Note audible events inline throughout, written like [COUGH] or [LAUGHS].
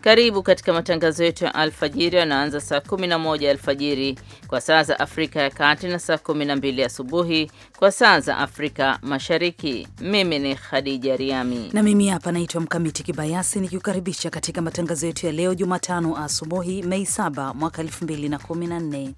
Karibu katika matangazo yetu ya alfajiri yanaanza saa 11 alfajiri kwa saa za Afrika ya Kati na saa 12 asubuhi kwa saa za Afrika Mashariki. Mimi ni Khadija Riami na mimi hapa naitwa Mkamiti Kibayasi nikiukaribisha katika matangazo yetu ya leo Jumatano asubuhi, Mei 7 mwaka 2014.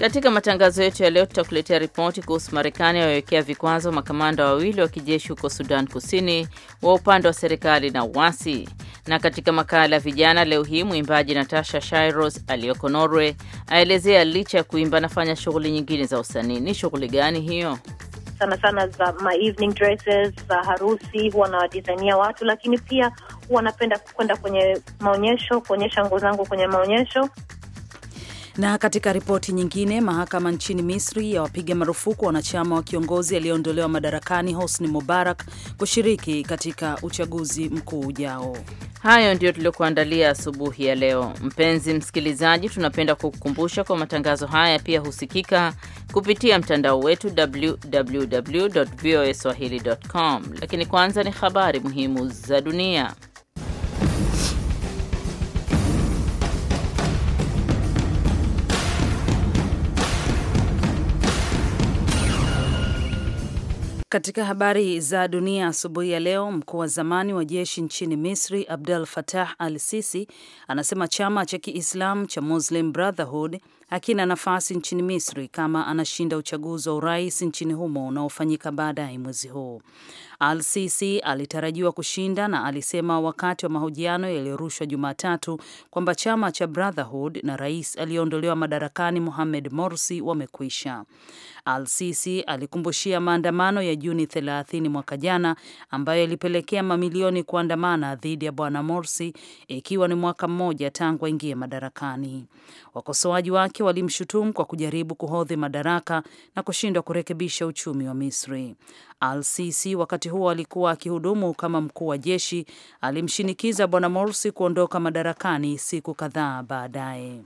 Katika matangazo yetu ya leo tutakuletea ripoti kuhusu Marekani yawawekea vikwazo makamanda wawili wa kijeshi huko Sudan Kusini wa upande wa serikali na uasi, na katika makala ya vijana leo hii mwimbaji Natasha Shiros aliyoko Norway aelezea licha ya kuimba anafanya shughuli nyingine za usanii. Ni shughuli gani hiyo? Sana sana za my evening dresses za harusi huwa nawadizainia watu, lakini pia huwa napenda kwenda kwenye maonyesho kuonyesha nguo zangu kwenye maonyesho. Na katika ripoti nyingine, mahakama nchini Misri yawapiga marufuku wanachama wa kiongozi aliyeondolewa madarakani Hosni Mubarak kushiriki katika uchaguzi mkuu ujao. Hayo ndiyo tuliokuandalia asubuhi ya leo. Mpenzi msikilizaji, tunapenda kukukumbusha kwa matangazo haya pia husikika kupitia mtandao wetu www voa swahili com, lakini kwanza ni habari muhimu za dunia. Katika habari za dunia asubuhi ya leo, mkuu wa zamani wa jeshi nchini Misri Abdel Fattah al Sisi anasema chama cha Kiislamu cha Muslim Brotherhood akina nafasi nchini Misri kama anashinda uchaguzi wa urais nchini humo unaofanyika baadaye mwezi huu. Al-Sisi alitarajiwa kushinda na alisema wakati wa mahojiano yaliyorushwa Jumatatu kwamba chama cha Brotherhood na rais aliyeondolewa madarakani Mohamed Morsi wamekwisha. Al-Sisi alikumbushia maandamano ya Juni 30 mwaka jana ambayo yalipelekea mamilioni kuandamana dhidi ya bwana Morsi, ikiwa ni mwaka mmoja tangu aingie madarakani. Wakosoaji wake wake walimshutumu kwa kujaribu kuhodhi madaraka na kushindwa kurekebisha uchumi wa Misri. Al-Sisi wakati huo alikuwa akihudumu kama mkuu wa jeshi, alimshinikiza bwana Morsi kuondoka madarakani siku kadhaa baadaye.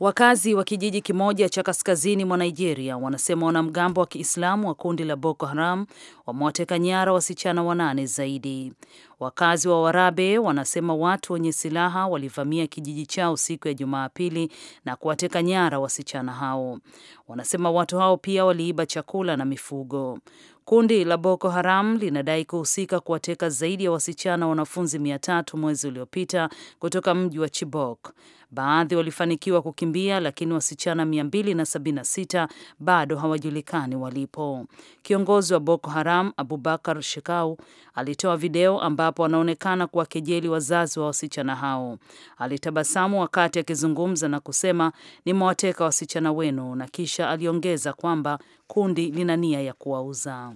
Wakazi wa kijiji kimoja cha kaskazini mwa Nigeria wanasema wanamgambo wa Kiislamu wa kundi la Boko Haram wamewateka nyara wasichana wanane zaidi. Wakazi wa Warabe wanasema watu wenye silaha walivamia kijiji chao siku ya Jumapili na kuwateka nyara wasichana hao. Wanasema watu hao pia waliiba chakula na mifugo. Kundi la Boko Haram linadai kuhusika kuwateka zaidi ya wasichana wanafunzi mia tatu mwezi uliopita kutoka mji wa Chibok. Baadhi walifanikiwa kukimbia, lakini wasichana 276 bado hawajulikani walipo. Kiongozi wa Boko Haram Abubakar Shekau alitoa video ambapo anaonekana kuwakejeli wazazi wa wasichana hao. Alitabasamu wakati akizungumza na kusema, nimewateka wasichana wenu, na kisha aliongeza kwamba kundi lina nia ya kuwauza.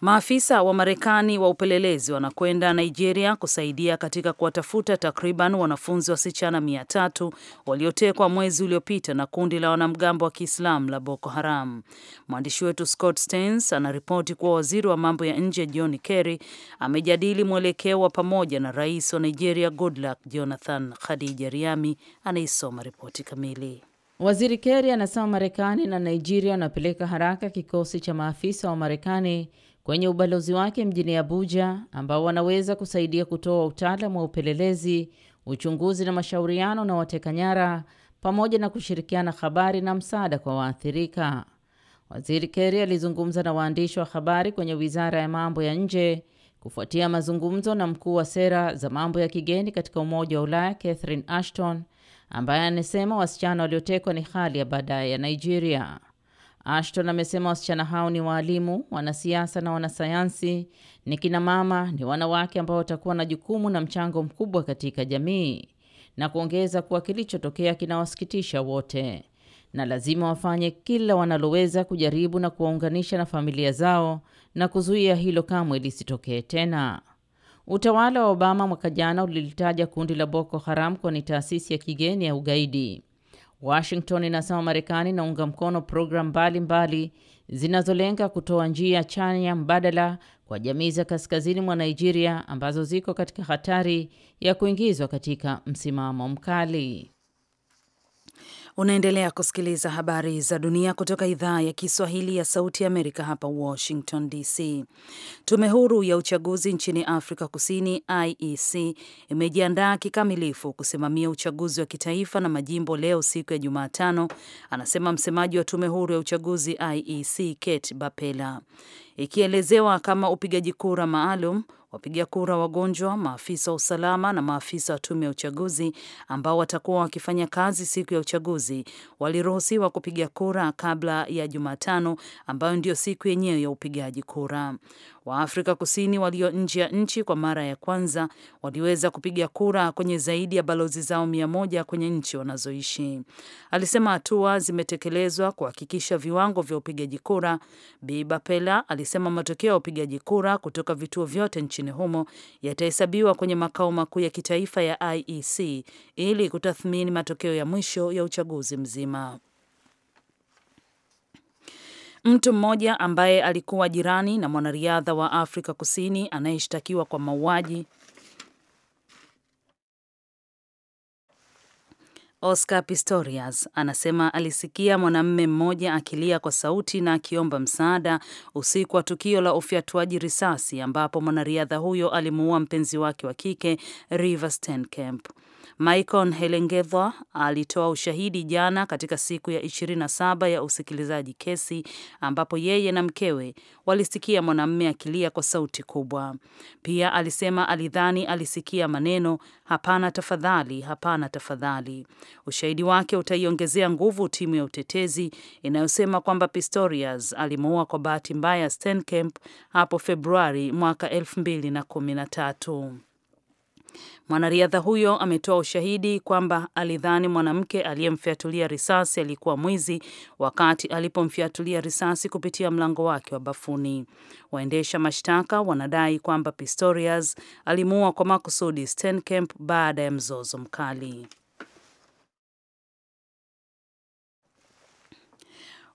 Maafisa wa Marekani wa upelelezi wanakwenda Nigeria kusaidia katika kuwatafuta takriban wanafunzi wasichana mia tatu waliotekwa mwezi uliopita na kundi la wanamgambo wa Kiislamu la Boko Haram. Mwandishi wetu Scott Stens anaripoti kuwa waziri wa mambo ya nje John Kerry amejadili mwelekeo wa pamoja na rais wa Nigeria Goodluck Jonathan. Khadija Riami anaisoma ripoti kamili. Waziri Kerry anasema Marekani na Nigeria wanapeleka haraka kikosi cha maafisa wa Marekani kwenye ubalozi wake mjini Abuja ambao wanaweza kusaidia kutoa utaalamu wa upelelezi, uchunguzi na mashauriano na wateka nyara pamoja na kushirikiana habari na msaada kwa waathirika. Waziri Kerry alizungumza na waandishi wa habari kwenye Wizara ya Mambo ya Nje kufuatia mazungumzo na mkuu wa sera za mambo ya kigeni katika Umoja wa Ulaya Catherine Ashton ambaye anasema wasichana waliotekwa ni hali ya baadaye ya Nigeria. Ashton amesema wasichana hao ni waalimu, wanasiasa na wanasayansi, ni kina mama, ni wanawake ambao watakuwa na jukumu na mchango mkubwa katika jamii, na kuongeza kuwa kilichotokea kinawasikitisha wote na lazima wafanye kila wanaloweza kujaribu na kuwaunganisha na familia zao na kuzuia hilo kamwe lisitokee tena. Utawala wa Obama mwaka jana ulilitaja kundi la Boko Haram kuwa ni taasisi ya kigeni ya ugaidi. Washington inasema Marekani inaunga mkono programu mbalimbali zinazolenga kutoa njia chanya mbadala kwa jamii za kaskazini mwa Nigeria ambazo ziko katika hatari ya kuingizwa katika msimamo mkali. Unaendelea kusikiliza habari za dunia kutoka idhaa ya Kiswahili ya Sauti ya Amerika hapa Washington DC. Tume huru ya uchaguzi nchini Afrika Kusini, IEC, imejiandaa kikamilifu kusimamia uchaguzi wa kitaifa na majimbo leo, siku ya Jumatano, anasema msemaji wa tume huru ya uchaguzi IEC, Kate Bapela, ikielezewa kama upigaji kura maalum wapiga kura wagonjwa, maafisa wa usalama na maafisa wa tume ya uchaguzi ambao watakuwa wakifanya kazi siku ya uchaguzi waliruhusiwa kupiga kura kabla ya Jumatano ambayo ndio siku yenyewe ya upigaji kura. Waafrika Kusini walio nje ya nchi kwa mara ya kwanza waliweza kupiga kura kwenye zaidi ya balozi zao mia moja kwenye nchi wanazoishi. Alisema hatua zimetekelezwa kuhakikisha viwango vya upigaji kura. Bi Bapela alisema matokeo ya upigaji kura kutoka vituo vyote nchini humo yatahesabiwa kwenye makao makuu ya kitaifa ya IEC ili kutathmini matokeo ya mwisho ya uchaguzi mzima. Mtu mmoja ambaye alikuwa jirani na mwanariadha wa Afrika Kusini anayeshtakiwa kwa mauaji Oscar Pistorius anasema alisikia mwanamume mmoja akilia kwa sauti na akiomba msaada usiku wa tukio la ufyatuaji risasi ambapo mwanariadha huyo alimuua mpenzi wake wa kike Reeva Steenkamp. Michael Nhelengeva alitoa ushahidi jana katika siku ya 27 ya usikilizaji kesi ambapo yeye na mkewe walisikia mwanamume akilia kwa sauti kubwa. Pia alisema alidhani alisikia maneno hapana tafadhali, hapana tafadhali. Ushahidi wake utaiongezea nguvu timu ya utetezi inayosema kwamba Pistorius alimuua kwa bahati mbaya Steenkamp hapo Februari mwaka 2013. Mwanariadha huyo ametoa ushahidi kwamba alidhani mwanamke aliyemfyatulia risasi alikuwa mwizi wakati alipomfyatulia risasi kupitia mlango wake wa bafuni. Waendesha mashtaka wanadai kwamba Pistorius alimuua kwa makusudi Steenkamp baada ya mzozo mkali.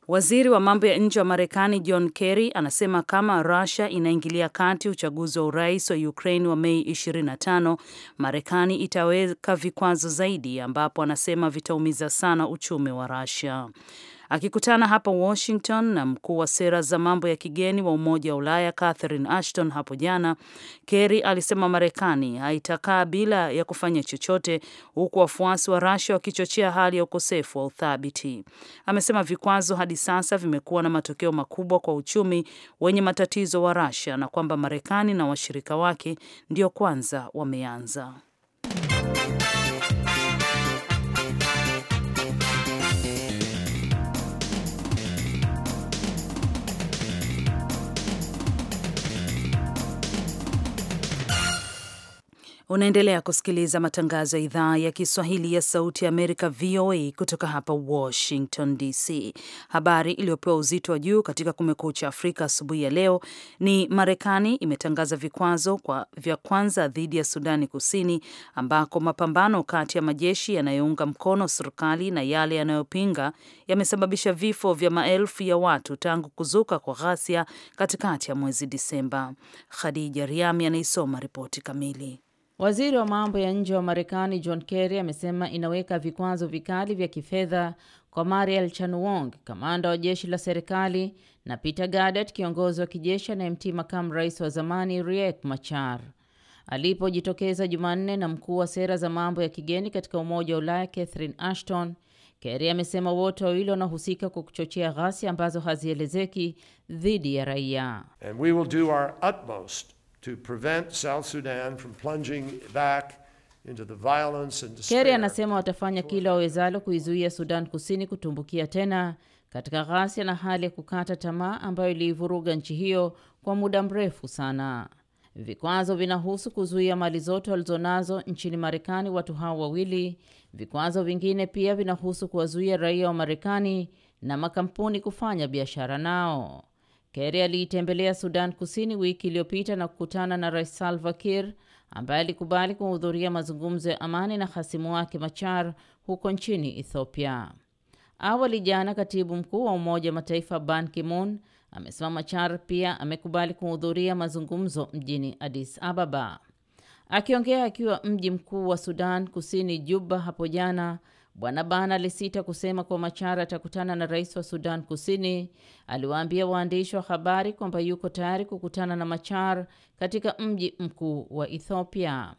Waziri wa mambo ya nje wa Marekani John Kerry anasema kama Russia inaingilia kati uchaguzi wa urais wa Ukraine wa Mei 25, Marekani itaweka vikwazo zaidi, ambapo anasema vitaumiza sana uchumi wa Russia. Akikutana hapa Washington na mkuu wa sera za mambo ya kigeni wa Umoja wa Ulaya Catherine Ashton hapo jana, Kerry alisema Marekani haitakaa bila ya kufanya chochote, huku wafuasi wa Russia wakichochea hali ya ukosefu wa uthabiti. Amesema vikwazo hadi sasa vimekuwa na matokeo makubwa kwa uchumi wenye matatizo wa Russia na kwamba Marekani na washirika wake ndio kwanza wameanza. Unaendelea kusikiliza matangazo ya idhaa ya Kiswahili ya Sauti ya Amerika, VOA, kutoka hapa Washington DC. Habari iliyopewa uzito wa juu katika Kumekucha Afrika asubuhi ya leo ni Marekani imetangaza vikwazo kwa vya kwanza dhidi ya Sudani Kusini, ambako mapambano kati ya majeshi yanayounga mkono serikali na yale yanayopinga yamesababisha vifo vya maelfu ya watu tangu kuzuka kwa ghasia katikati ya mwezi Disemba. Khadija Riami anaisoma ripoti kamili. Waziri wa mambo ya nje wa Marekani John Kerry amesema inaweka vikwazo vikali vya kifedha kwa Mariel Chanuong, kamanda wa jeshi la serikali na Peter Gadet, kiongozi wa kijeshi anayemtii makamu rais wa zamani Riek Machar alipojitokeza Jumanne na mkuu wa sera za mambo ya kigeni katika Umoja wa Ulaya Catherine Ashton. Kerry amesema wote wawili wanahusika kwa kuchochea ghasia ambazo hazielezeki dhidi ya raia. And we will do our utmost to prevent South Sudan from plunging back into the violence and despair. Kerry anasema watafanya kila wawezalo kuizuia Sudan Kusini kutumbukia tena katika ghasia na hali ya kukata tamaa ambayo iliivuruga nchi hiyo kwa muda mrefu sana. Vikwazo vinahusu kuzuia mali zote walizonazo nchini Marekani watu hao wawili. Vikwazo vingine pia vinahusu kuwazuia raia wa Marekani na makampuni kufanya biashara nao. Kerry aliitembelea Sudan Kusini wiki iliyopita na kukutana na Rais Salva Kiir ambaye alikubali kuhudhuria mazungumzo ya amani na hasimu wake Machar huko nchini Ethiopia. Awali jana, katibu mkuu wa Umoja wa Mataifa Ban Ki-moon amesema Machar pia amekubali kuhudhuria mazungumzo mjini Addis Ababa. Akiongea akiwa mji mkuu wa Sudan Kusini, Juba, hapo jana, Bwana Ban alisita kusema kuwa Machara atakutana na rais wa Sudan Kusini. Aliwaambia waandishi wa habari kwamba yuko tayari kukutana na Machar katika mji mkuu wa Ethiopia.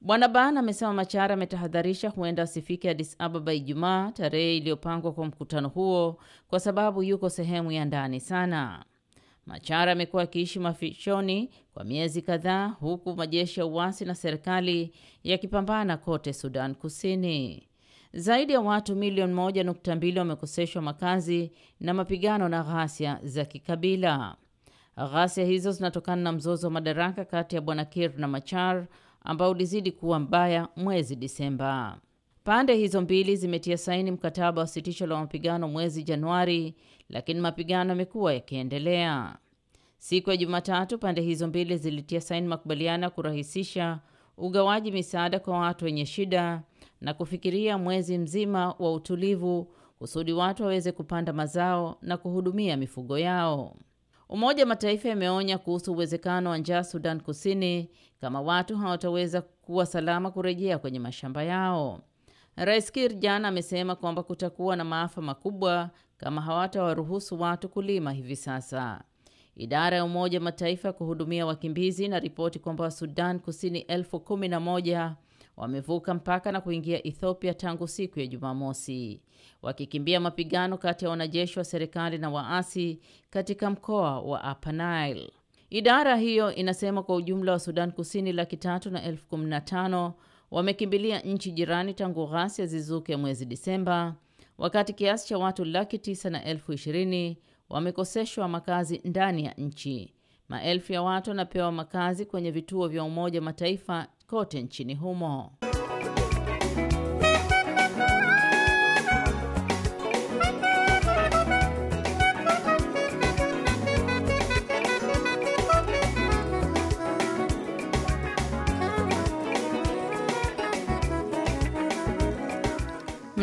Bwana Ban amesema Machar ametahadharisha huenda asifike Adis Ababa Ijumaa, tarehe iliyopangwa kwa mkutano huo, kwa sababu yuko sehemu ya ndani sana. Machar amekuwa akiishi mafichoni kwa miezi kadhaa huku majeshi ya uasi na serikali yakipambana kote Sudan Kusini. Zaidi ya watu milioni moja nukta mbili wamekoseshwa makazi na mapigano na ghasia za kikabila. Ghasia hizo zinatokana na mzozo wa madaraka kati ya bwana Kir na Machar ambao ulizidi kuwa mbaya mwezi Disemba. Pande hizo mbili zimetia saini mkataba wa sitisho la mapigano mwezi Januari, lakini mapigano yamekuwa yakiendelea. Siku ya Jumatatu, pande hizo mbili zilitia saini makubaliano ya kurahisisha ugawaji misaada kwa watu wenye shida na kufikiria mwezi mzima wa utulivu kusudi watu waweze kupanda mazao na kuhudumia mifugo yao. Umoja wa Mataifa yameonya kuhusu uwezekano wa njaa Sudan Kusini kama watu hawataweza kuwa salama kurejea kwenye mashamba yao. Rais Kir jana amesema kwamba kutakuwa na maafa makubwa kama hawatawaruhusu watu kulima hivi sasa. Idara ya Umoja Mataifa ya kuhudumia wakimbizi inaripoti kwamba Wasudan Kusini elfu kumi na moja wamevuka mpaka na kuingia Ethiopia tangu siku ya Jumamosi, wakikimbia mapigano kati ya wanajeshi wa serikali na waasi katika mkoa wa Upper Nile. Idara hiyo inasema kwa ujumla wa Sudan Kusini laki tatu na elfu kumi na tano wamekimbilia nchi jirani tangu ghasia zizuke mwezi Disemba, wakati kiasi cha watu laki tisa na elfu ishirini wamekoseshwa makazi ndani ya nchi. Maelfu ya watu wanapewa makazi kwenye vituo vya Umoja Mataifa kote nchini humo.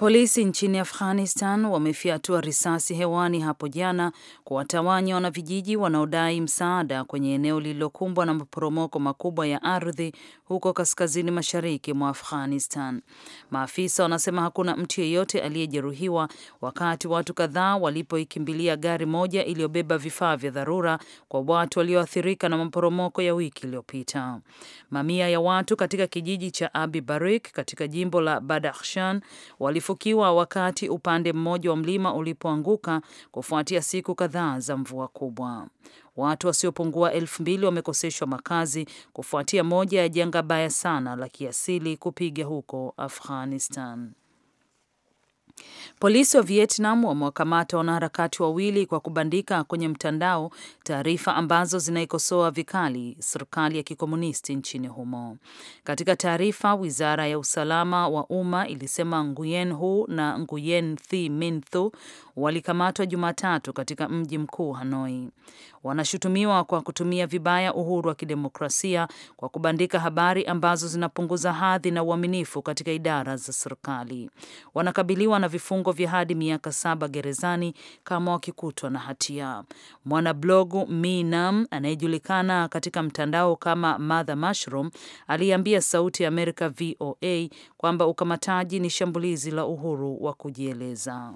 Polisi nchini Afghanistan wamefyatua risasi hewani hapo jana kuwatawanya wanavijiji wanaodai msaada kwenye eneo lililokumbwa na maporomoko makubwa ya ardhi huko kaskazini mashariki mwa Afghanistan. Maafisa wanasema hakuna mtu yeyote aliyejeruhiwa wakati watu kadhaa walipoikimbilia gari moja iliyobeba vifaa vya dharura kwa watu walioathirika na maporomoko ya wiki iliyopita. Mamia ya watu katika kijiji cha Abi Barik katika jimbo la Badakhshan kufukiwa wakati upande mmoja wa mlima ulipoanguka kufuatia siku kadhaa za mvua kubwa. Watu wasiopungua elfu mbili wamekoseshwa makazi kufuatia moja ya janga baya sana la kiasili kupiga huko Afghanistan. Polisi wa Vietnam wamewakamata wanaharakati wawili kwa kubandika kwenye mtandao taarifa ambazo zinaikosoa vikali serikali ya kikomunisti nchini humo. Katika taarifa, wizara ya usalama wa umma ilisema Nguyen Hu na Nguyen Thi Minh Thu walikamatwa Jumatatu katika mji mkuu Hanoi. Wanashutumiwa kwa kutumia vibaya uhuru wa kidemokrasia kwa kubandika habari ambazo zinapunguza hadhi na uaminifu katika idara za serikali. Wanakabiliwa na vifungo vya hadi miaka saba gerezani kama wakikutwa na hatia. Mwanablogu Minam anayejulikana katika mtandao kama Mother Mushroom aliambia Sauti ya Amerika VOA kwamba ukamataji ni shambulizi la uhuru wa kujieleza.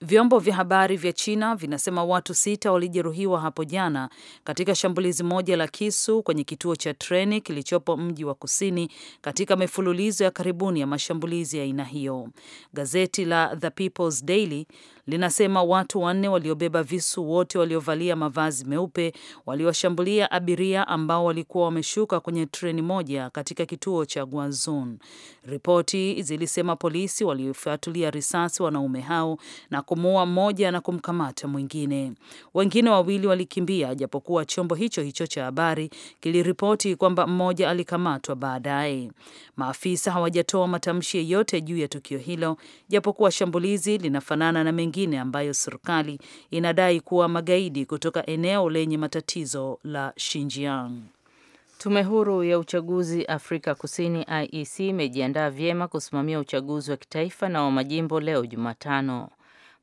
Vyombo vya habari vya China vinasema watu sita walijeruhiwa hapo jana katika shambulizi moja la kisu kwenye kituo cha treni kilichopo mji wa kusini katika mifululizo ya karibuni ya mashambulizi ya aina hiyo. Gazeti la The People's Daily linasema watu wanne waliobeba visu wote waliovalia mavazi meupe waliwashambulia abiria ambao walikuwa wameshuka kwenye treni moja katika kituo cha Guangzhou. Ripoti zilisema polisi walifuatulia risasi wanaume hao na kumuua mmoja na kumkamata mwingine. Wengine wawili walikimbia, japokuwa chombo hicho hicho cha habari kiliripoti kwamba mmoja alikamatwa baadaye. Maafisa hawajatoa matamshi yeyote juu ya tukio hilo, japokuwa shambulizi linafanana na mengi mengine ambayo serikali inadai kuwa magaidi kutoka eneo lenye matatizo la Xinjiang. Tume huru ya uchaguzi Afrika Kusini IEC imejiandaa vyema kusimamia uchaguzi wa kitaifa na wa majimbo leo Jumatano.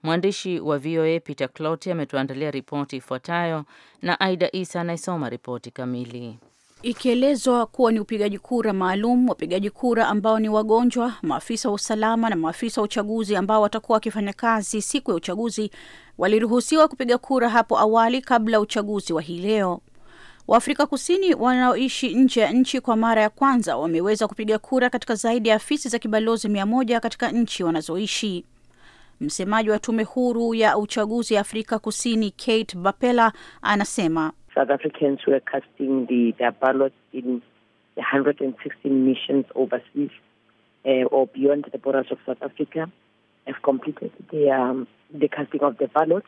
Mwandishi wa VOA Peter Cloti ametuandalia ripoti ifuatayo na Aida Isa anayesoma ripoti kamili ikielezwa kuwa ni upigaji kura maalum, wapigaji kura ambao ni wagonjwa, maafisa wa usalama na maafisa wa uchaguzi ambao watakuwa wakifanya kazi siku ya uchaguzi waliruhusiwa kupiga kura hapo awali kabla uchaguzi wa hii leo. Waafrika Kusini wanaoishi nje ya nchi kwa mara ya kwanza wameweza kupiga kura katika zaidi ya afisi za kibalozi mia moja katika nchi wanazoishi. Msemaji wa tume huru ya uchaguzi ya Afrika Kusini Kate Bapela anasema South Africans were casting the, their ballots in 116 missions overseas uh, or beyond the borders of South Africa have completed the, um, the casting of the ballots.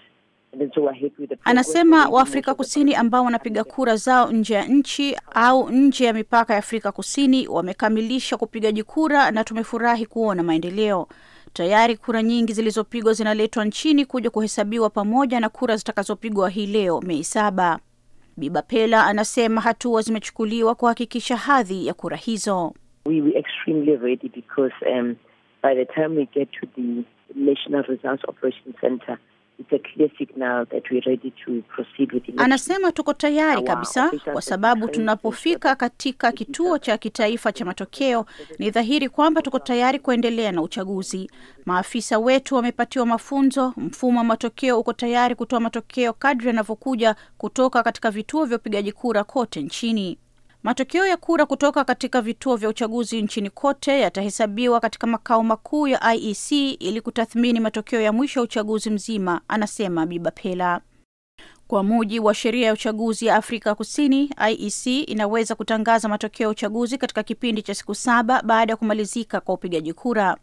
Anasema Waafrika Kusini ambao wanapiga kura zao nje ya nchi au nje ya mipaka ya Afrika Kusini wamekamilisha kupigaji kura na tumefurahi kuona maendeleo. Tayari kura nyingi zilizopigwa zinaletwa nchini kuja kuhesabiwa pamoja na kura zitakazopigwa hii leo Mei saba. Bi Bapela anasema hatua zimechukuliwa kuhakikisha hadhi ya kura hizo. We were extremely ready because um, by the time we get to the National Results Operation Center It's a clear signal that we're ready to proceed with Anasema tuko tayari kabisa kwa sababu tunapofika katika kituo cha kitaifa cha matokeo ni dhahiri kwamba tuko tayari kuendelea na uchaguzi. Maafisa wetu wamepatiwa mafunzo, mfumo wa matokeo uko tayari kutoa matokeo kadri yanavyokuja kutoka katika vituo vya upigaji kura kote nchini. Matokeo ya kura kutoka katika vituo vya uchaguzi nchini kote yatahesabiwa katika makao makuu ya IEC ili kutathmini matokeo ya mwisho ya uchaguzi mzima, anasema Bibapela. Kwa mujibu wa sheria ya uchaguzi ya Afrika Kusini, IEC inaweza kutangaza matokeo ya uchaguzi katika kipindi cha siku saba baada ya kumalizika kwa upigaji kura.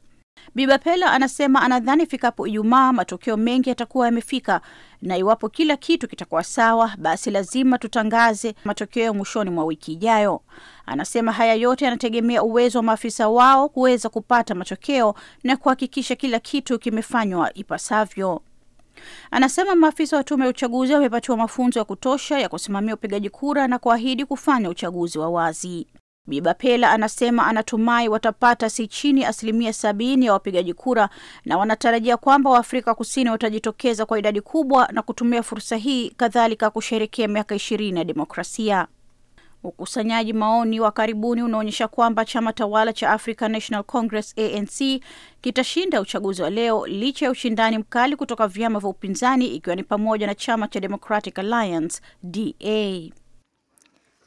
Bibapela anasema anadhani ifikapo Ijumaa matokeo mengi yatakuwa yamefika, na iwapo kila kitu kitakuwa sawa, basi lazima tutangaze matokeo mwishoni mwa wiki ijayo. Anasema haya yote yanategemea uwezo wa maafisa wao kuweza kupata matokeo na kuhakikisha kila kitu kimefanywa ipasavyo. Anasema maafisa wa tume ya uchaguzi wamepatiwa mafunzo ya kutosha ya kusimamia upigaji kura na kuahidi kufanya uchaguzi wa wazi. Bibapela anasema anatumai watapata si chini asilimia sabini ya wapigaji kura na wanatarajia kwamba Waafrika Kusini watajitokeza kwa idadi kubwa na kutumia fursa hii kadhalika kusherekea miaka ishirini ya demokrasia. Ukusanyaji maoni wa karibuni unaonyesha kwamba chama tawala cha African National Congress ANC kitashinda uchaguzi wa leo licha ya ushindani mkali kutoka vyama vya upinzani ikiwa ni pamoja na chama cha Democratic Alliance DA.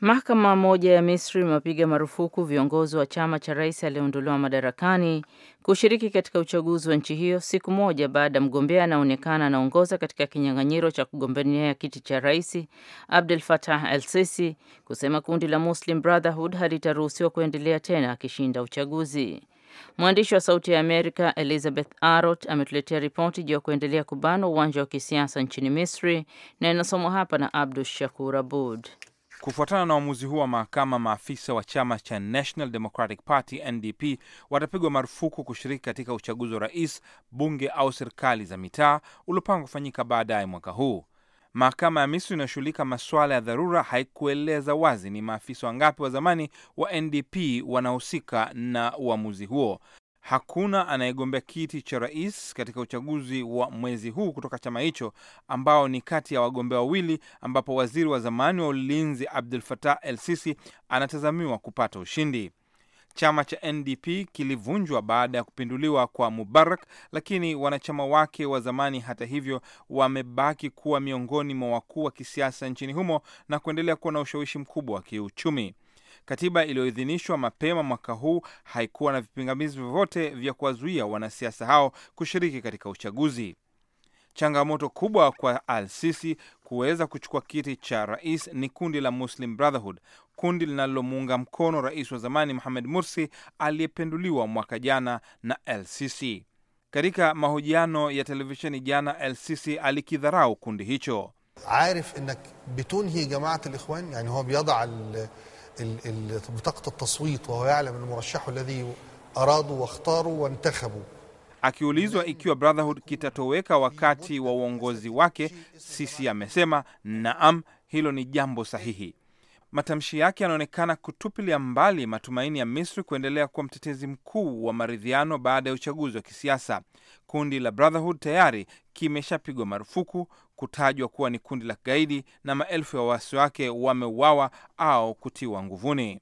Mahakama moja ya Misri imewapiga marufuku viongozi wa chama cha rais aliyeondolewa madarakani kushiriki katika uchaguzi wa nchi hiyo siku moja baada ya mgombea anaonekana anaongoza katika kinyang'anyiro cha kugombania kiti cha rais Abdel Fattah el-Sisi kusema kundi la Muslim Brotherhood halitaruhusiwa kuendelea tena akishinda uchaguzi. Mwandishi wa Sauti ya Amerika Elizabeth Arot ametuletea ripoti juu ya kuendelea kubanwa uwanja wa kisiasa nchini Misri na inasomwa hapa na Abdu Shakur Abud. Kufuatana na uamuzi huu wa mahakama, maafisa wa chama cha National Democratic Party NDP watapigwa marufuku kushiriki katika uchaguzi wa rais, bunge au serikali za mitaa uliopangwa kufanyika baadaye mwaka huu. Mahakama ya Misri inayoshughulika masuala ya dharura haikueleza wazi ni maafisa wangapi wa zamani wa NDP wanahusika na uamuzi huo, hakuna anayegombea kiti cha rais katika uchaguzi wa mwezi huu kutoka chama hicho ambao ni kati ya wagombea wawili, ambapo waziri wa zamani wa ulinzi Abdul Fatah El Sisi anatazamiwa kupata ushindi. Chama cha NDP kilivunjwa baada ya kupinduliwa kwa Mubarak, lakini wanachama wake wa zamani, hata hivyo, wamebaki kuwa miongoni mwa wakuu wa kisiasa nchini humo na kuendelea kuwa na ushawishi mkubwa wa kiuchumi. Katiba iliyoidhinishwa mapema mwaka huu haikuwa na vipingamizi vyovyote vya kuwazuia wanasiasa hao kushiriki katika uchaguzi. Changamoto kubwa kwa Al-Sisi kuweza kuchukua kiti cha rais ni kundi la Muslim Brotherhood, kundi linalomuunga mkono rais wa zamani Mohamed Mursi aliyepinduliwa mwaka jana na lcc sisi Katika mahojiano ya televisheni jana, El-Sisi alikidharau kundi hicho. arif inak bitunhi jamaat yani huwa biyada al بطاقة التصويت وهو يعلم المرشح الذي aradu wakhtaru wantakhabu. Akiulizwa ikiwa Brotherhood kitatoweka wakati wa uongozi wake, Sisi amesema naam, hilo ni jambo sahihi. Matamshi yake yanaonekana kutupilia mbali matumaini ya Misri kuendelea kuwa mtetezi mkuu wa maridhiano baada ya uchaguzi wa kisiasa. Kundi la Brotherhood tayari kimeshapigwa marufuku kutajwa kuwa ni kundi la kigaidi na maelfu ya waasi wake wameuawa au kutiwa nguvuni.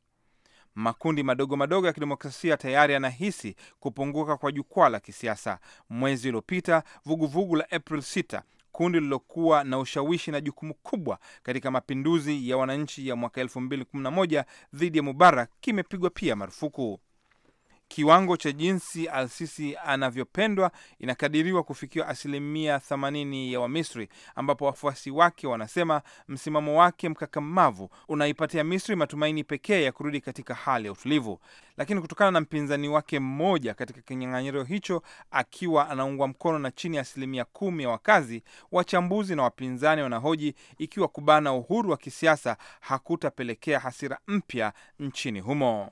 Makundi madogo madogo ya kidemokrasia tayari yanahisi kupunguka kwa jukwaa la kisiasa. Mwezi uliopita, vuguvugu la April 6 kundi lililokuwa na ushawishi na jukumu kubwa katika mapinduzi ya wananchi ya mwaka 2011 dhidi ya Mubarak kimepigwa pia marufuku. Kiwango cha jinsi alsisi anavyopendwa inakadiriwa kufikiwa asilimia 80 ya Wamisri, ambapo wafuasi wake wanasema msimamo wake mkakamavu unaipatia Misri matumaini pekee ya kurudi katika hali ya utulivu. Lakini kutokana na mpinzani wake mmoja katika kinyang'anyiro hicho akiwa anaungwa mkono na chini ya asilimia kumi ya wakazi, wachambuzi na wapinzani wanahoji ikiwa kubana uhuru wa kisiasa hakutapelekea hasira mpya nchini humo.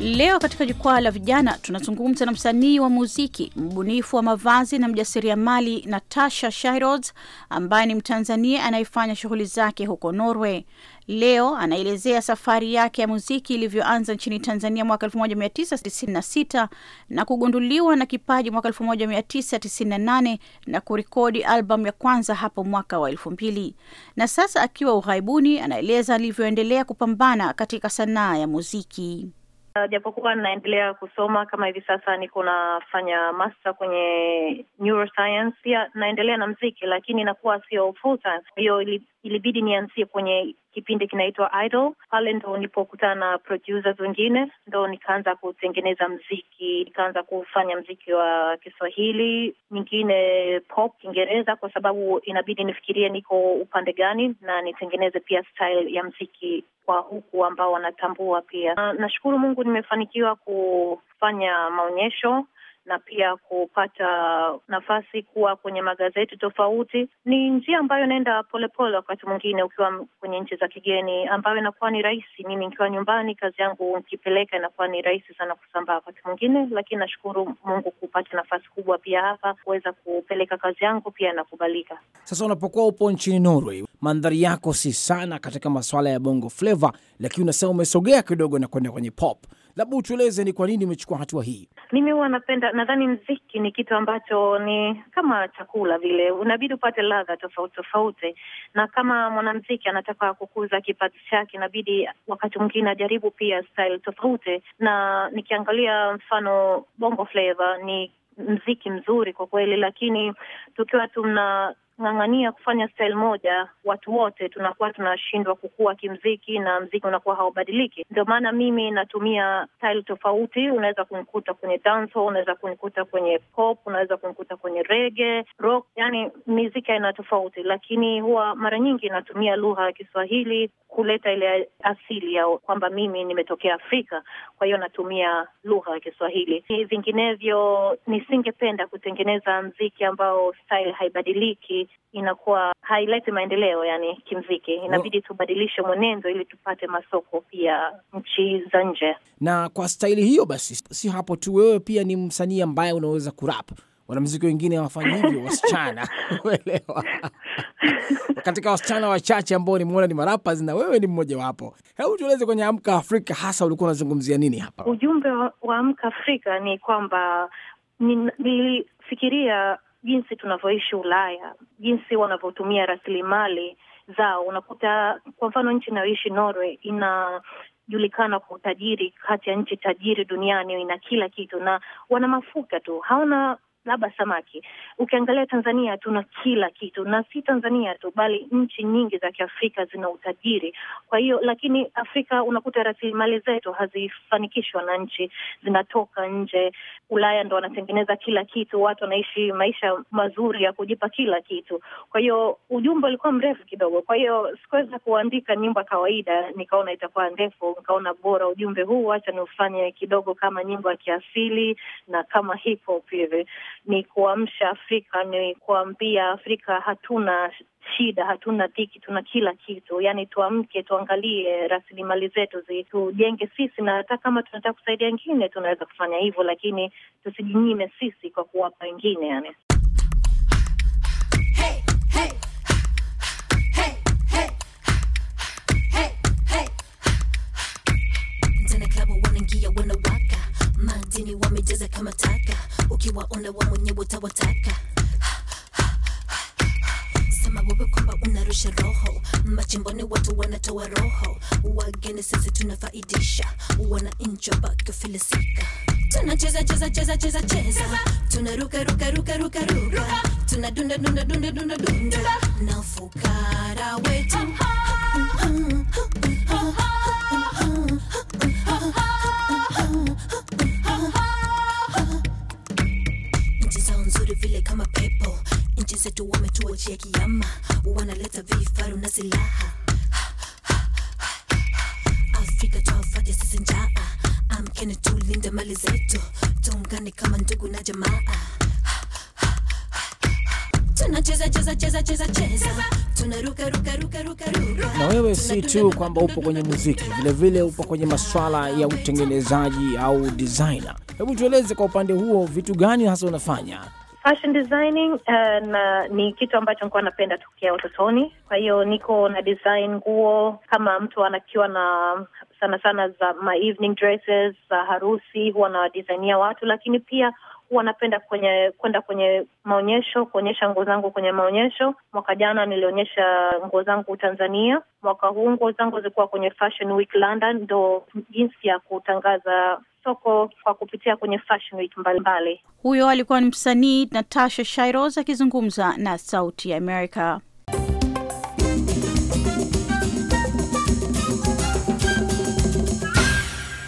Leo katika jukwaa la vijana tunazungumza na msanii wa muziki, mbunifu wa mavazi na mjasiriamali Natasha Shirods ambaye ni Mtanzania anayefanya shughuli zake huko Norway. Leo anaelezea safari yake ya muziki ilivyoanza nchini Tanzania mwaka 1996 na kugunduliwa na kipaji mwaka 1998 na kurekodi albamu ya kwanza hapo mwaka wa 2000. Na sasa akiwa ughaibuni, anaeleza alivyoendelea kupambana katika sanaa ya muziki. Uh, japokuwa ninaendelea kusoma kama hivi sasa niko nafanya master kwenye neuroscience, pia naendelea na mziki, lakini inakuwa sio full time. Hiyo ilibidi nianzie kwenye kipindi kinaitwa Idol. Pale ndo nilipokutana na producers wengine, ndo nikaanza kutengeneza mziki, nikaanza kufanya mziki wa Kiswahili, nyingine pop Kiingereza, kwa sababu inabidi nifikirie niko upande gani na nitengeneze pia style ya mziki kwa huku ambao wanatambua pia. Na nashukuru Mungu nimefanikiwa kufanya maonyesho na pia kupata nafasi kuwa kwenye magazeti tofauti. Ni njia ambayo inaenda polepole, wakati mwingine ukiwa kwenye nchi za kigeni, ambayo inakuwa ni rahisi. Mimi nikiwa nyumbani, kazi yangu nikipeleka, inakuwa ni rahisi sana kusambaa wakati mwingine, lakini nashukuru Mungu kupata nafasi kubwa pia hapa kuweza kupeleka kazi yangu pia inakubalika. Sasa unapokuwa upo nchini Norway, mandhari yako si sana katika masuala ya bongo fleva, lakini unasema umesogea kidogo na kwenda kwenye pop labda utueleze ni kwa nini umechukua hatua hii? Mimi huwa napenda, nadhani mziki ni kitu ambacho ni kama chakula vile, unabidi upate ladha tofauti tofauti, na kama mwanamziki anataka kukuza kipaji chake, inabidi wakati mwingine ajaribu pia style tofauti, na nikiangalia mfano Bongo Flava ni mziki mzuri kwa kweli, lakini tukiwa tuna kung'ang'ania kufanya style moja, watu wote tunakuwa tunashindwa kukua kimziki na mziki unakuwa haubadiliki. Ndio maana mimi natumia style tofauti. Unaweza kunikuta kwenye dancehall, unaweza kunikuta kwenye pop, unaweza kunikuta kwenye reggae, rock, yani miziki aina tofauti, lakini huwa mara nyingi natumia lugha ya Kiswahili kuleta ile asili ya kwamba mimi nimetokea Afrika, kwa hiyo natumia lugha ya Kiswahili. Vinginevyo nisingependa kutengeneza mziki ambao style haibadiliki inakuwa haileti maendeleo. Yani kimziki inabidi tubadilishe mwenendo ili tupate masoko pia nchi za nje. Na kwa staili hiyo basi, si hapo tu, wewe pia ni msanii ambaye unaweza kurap wanamziki wengine hawafanyi hivyo, wasichana uelewa. [LAUGHS] [LAUGHS] Katika wasichana wachache ambao nimeona ni marapas, na wewe ni mmoja wapo. Hebu tueleze kwenye Amka Afrika hasa ulikuwa unazungumzia nini hapa? Ujumbe wa Amka Afrika ni kwamba nilifikiria jinsi tunavyoishi Ulaya, jinsi wanavyotumia rasilimali zao. Unakuta kwa mfano nchi inayoishi Norway ina julikana kwa utajiri kati ya nchi tajiri duniani, ina kila kitu na wana mafuta tu, hawana labda samaki. Ukiangalia Tanzania tuna kila kitu, na si Tanzania tu, bali nchi nyingi za Kiafrika zina utajiri. Kwa hiyo, lakini Afrika unakuta rasilimali zetu hazifanikishwa na nchi, zinatoka nje. Ulaya ndo wanatengeneza kila kitu, watu wanaishi maisha mazuri ya kujipa kila kitu. Kwa hiyo, ujumbe ulikuwa mrefu kidogo, kwa hiyo sikuweza kuandika nyimbo ya kawaida, nikaona itakuwa ndefu, nikaona bora ujumbe huu acha niufanye kidogo kama nyimbo ya kiasili na kama hip hop hivi ni kuamsha Afrika, ni kuambia Afrika hatuna shida, hatuna dhiki, tuna kila kitu. yani tuamke, tuangalie rasilimali zetu, tujenge sisi, na hata kama tunataka kusaidia wengine tunaweza kufanya hivyo, lakini tusijinyime sisi kwa kuwapa wengine yani. unajiuza kama taka, ukiwaona wa mwenyewe utawataka sema wewe kwamba unarusha roho machimboni, watu wanatoa roho, wageni sisi tunafaidisha, wana wananchi wabaki filisika Tunacheza cheza cheza cheza cheza, tunaruka ruka ruka ruka ruka, tuna dunda dunda dunda dunda dunda na ufukara wetu kama pepo. Nchi zetu wametuachia kiama, wanaleta vifaru na silaha. Afrika tuwafuate sisi njaa, amkeni tulinde mali zetu, tuungane kama ndugu na jamaa. Na wewe si tu kwamba upo kwenye muziki, vile vile upo kwenye maswala ya utengenezaji au designer. Hebu tueleze kwa upande huo, vitu gani hasa unafanya? Fashion designing uh, na ni kitu ambacho nilikuwa napenda tokea utotoni. Kwa hiyo niko na design nguo kama mtu anakiwa na sana sana za my evening dresses za harusi, huwa nawadisainia watu, lakini pia huwa napenda kwenye kwenda kwenye maonyesho kuonyesha nguo zangu kwenye maonyesho. Mwaka jana nilionyesha nguo zangu Tanzania, mwaka huu nguo zangu zilikuwa kwenye Fashion Week London, ndo jinsi ya kutangaza soko kwa kupitia kwenye Fashion Week mbalimbali. Huyo alikuwa ni msanii Natasha shairos akizungumza na Sauti ya America.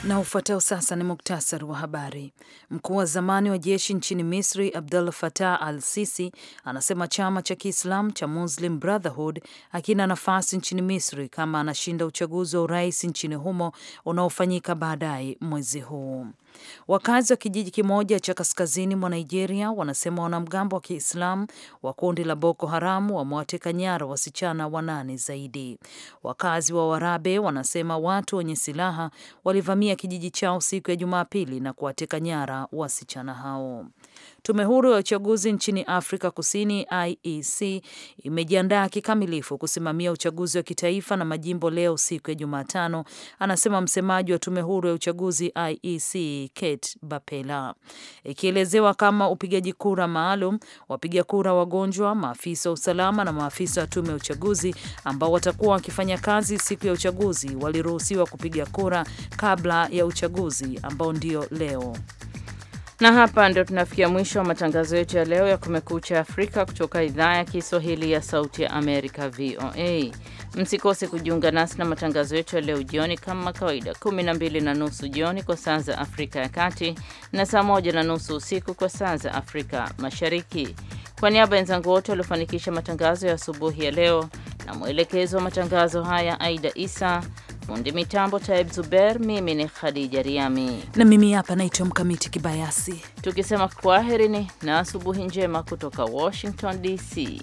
Na ufuatao sasa ni muktasari wa habari. Mkuu wa zamani wa jeshi nchini Misri Abdul Fatah al Sisi anasema chama cha Kiislam cha Muslim Brotherhood hakina nafasi nchini Misri kama anashinda uchaguzi wa urais nchini humo unaofanyika baadaye mwezi huu. Wakazi wa kijiji kimoja cha kaskazini mwa Nigeria wanasema wanamgambo wa Kiislamu wa kundi la Boko haram wamewateka nyara wasichana wanane zaidi. Wakazi wa Warabe wanasema watu wenye silaha walivamia kijiji chao siku ya Jumapili na kuwateka nyara wasichana hao. Tume huru ya uchaguzi nchini Afrika Kusini, IEC, imejiandaa kikamilifu kusimamia uchaguzi wa kitaifa na majimbo leo siku ya Jumatano, anasema msemaji wa tume huru ya uchaguzi IEC Kate Bapela. Ikielezewa kama upigaji kura maalum, wapiga kura wagonjwa, maafisa wa usalama na maafisa wa tume ya uchaguzi ambao watakuwa wakifanya kazi siku ya uchaguzi waliruhusiwa kupiga kura kabla ya uchaguzi ambao ndio leo. Na hapa ndio tunafikia mwisho wa matangazo yetu ya leo ya Kumekucha Afrika kutoka idhaa ya Kiswahili ya Sauti ya Amerika, VOA. Msikose kujiunga nasi na matangazo yetu ya leo jioni kama kawaida, 12 na nusu jioni kwa saa za Afrika ya Kati na saa 1 na nusu usiku kwa saa za Afrika Mashariki. Kwa niaba ya wenzangu wote waliofanikisha matangazo ya asubuhi ya leo na mwelekezo wa matangazo haya, Aida Isa Fundi mitambo Taib Zuber, mimi ni Khadija Riami na mimi hapa naitwa Mkamiti Kibayasi, tukisema kwaherini na asubuhi njema kutoka Washington DC.